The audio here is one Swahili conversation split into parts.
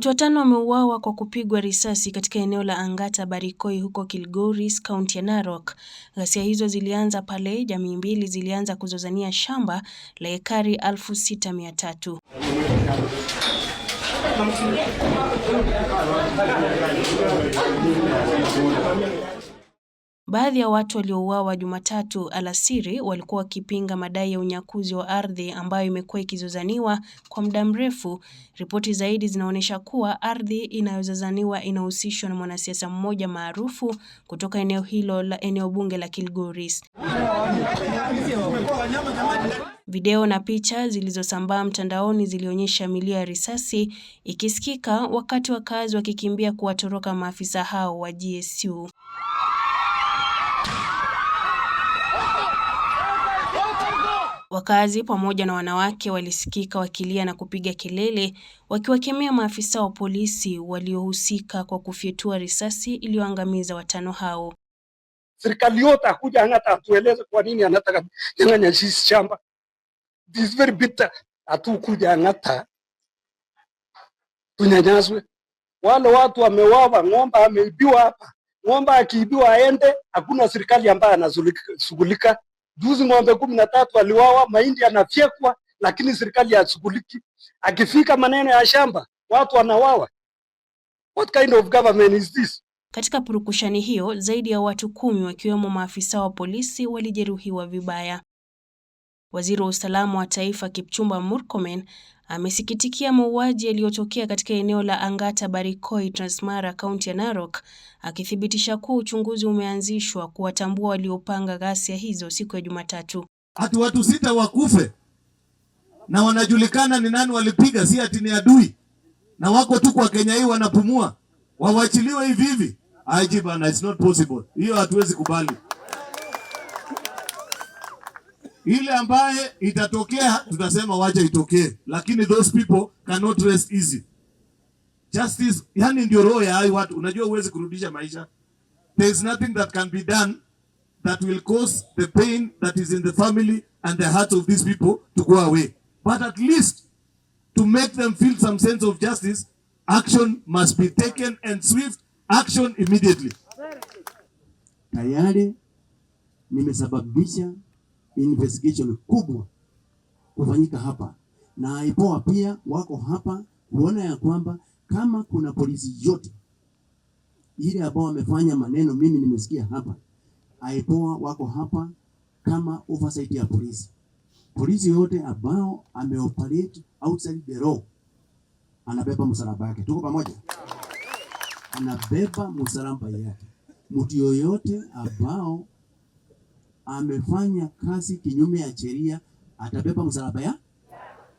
Watu watano wameuawa kwa kupigwa risasi katika eneo la Angata Barikoi huko Kilgoris, kaunti ya Narok. Ghasia hizo zilianza pale jamii mbili zilianza kuzozania shamba la ekari 6300. Baadhi ya watu waliouawa Jumatatu alasiri walikuwa wakipinga madai ya unyakuzi wa ardhi ambayo imekuwa ikizozaniwa kwa muda mrefu. Ripoti zaidi zinaonyesha kuwa ardhi inayozozaniwa inahusishwa na mwanasiasa mmoja maarufu kutoka eneo hilo la eneo bunge la Kilgoris. Video na picha zilizosambaa mtandaoni zilionyesha milio ya risasi ikisikika wakati wakazi wakikimbia kuwatoroka maafisa hao wa GSU. Wakazi pamoja na wanawake walisikika wakilia na kupiga kelele wakiwakemea maafisa wa polisi waliohusika kwa kufyatua risasi iliyoangamiza watano hao. Serikali yote hakuja hata atueleze kwa nini anataka nyang'anya sisi shamba. This very bitter. atukuja hata tunyanyaswe. Wale watu wamewawa, ng'ombe ameibiwa hapa. Ng'ombe akiibiwa aende, hakuna serikali ambayo anashughulika. Juzi ng'ombe kumi na tatu aliwawa, mahindi yanafyekwa, lakini serikali hashughuliki. Akifika maneno ya shamba, watu wanawawa. What kind of government is this? Katika purukushani hiyo, zaidi ya watu kumi wakiwemo maafisa wa polisi walijeruhiwa vibaya. Waziri wa usalama wa taifa Kipchumba Murkomen amesikitikia mauaji yaliyotokea katika eneo la Angata Barikoi, Transmara, kaunti ya Narok, akithibitisha kuwa uchunguzi umeanzishwa kuwatambua waliopanga ghasia hizo siku ya Jumatatu. Ati watu sita wakufe na wanajulikana ni nani walipiga, si ati ni adui na wako tu kwa Kenya hii wanapumua, wawachiliwe hivi hivi? Ajiba, na it's not possible. Hiyo hatuwezi kubali. Ile ambaye itatokea tutasema wacha itokee, lakini those people cannot rest easy. Justice, yani ndio roho ya hayo watu. Unajua huwezi kurudisha maisha. There is nothing that can be done that will cause the pain that is in the family and the hearts of these people to go away. But at least to make them feel some sense of justice, action must be taken and swift action immediately. Tayari nimesababisha investigation kubwa kufanyika hapa, na IPOA pia wako hapa kuona ya kwamba kama kuna polisi yote ile ambao wamefanya maneno mimi nimesikia hapa, IPOA wako hapa kama oversight ya polisi. Polisi yote ambao ameoperate outside the law anabeba msalaba yake. Tuko pamoja? Anabeba msalaba yake mtu yoyote ambao amefanya kazi kinyume ya sheria atabeba msalaba ya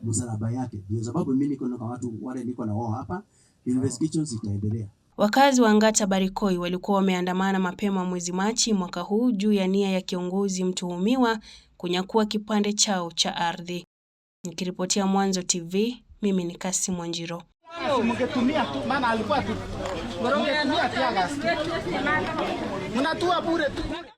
msalaba yake. Ndio sababu mimi niko na watu wale niko na wao hapa, investigations itaendelea. Wakazi wa Ngata Barikoi walikuwa wameandamana mapema mwezi Machi mwaka huu juu ya nia ya kiongozi mtuhumiwa kunyakua kipande chao cha ardhi. Nikiripotia Mwanzo TV, mimi ni Kasim Mwanjiro. Mngetumia bure tu.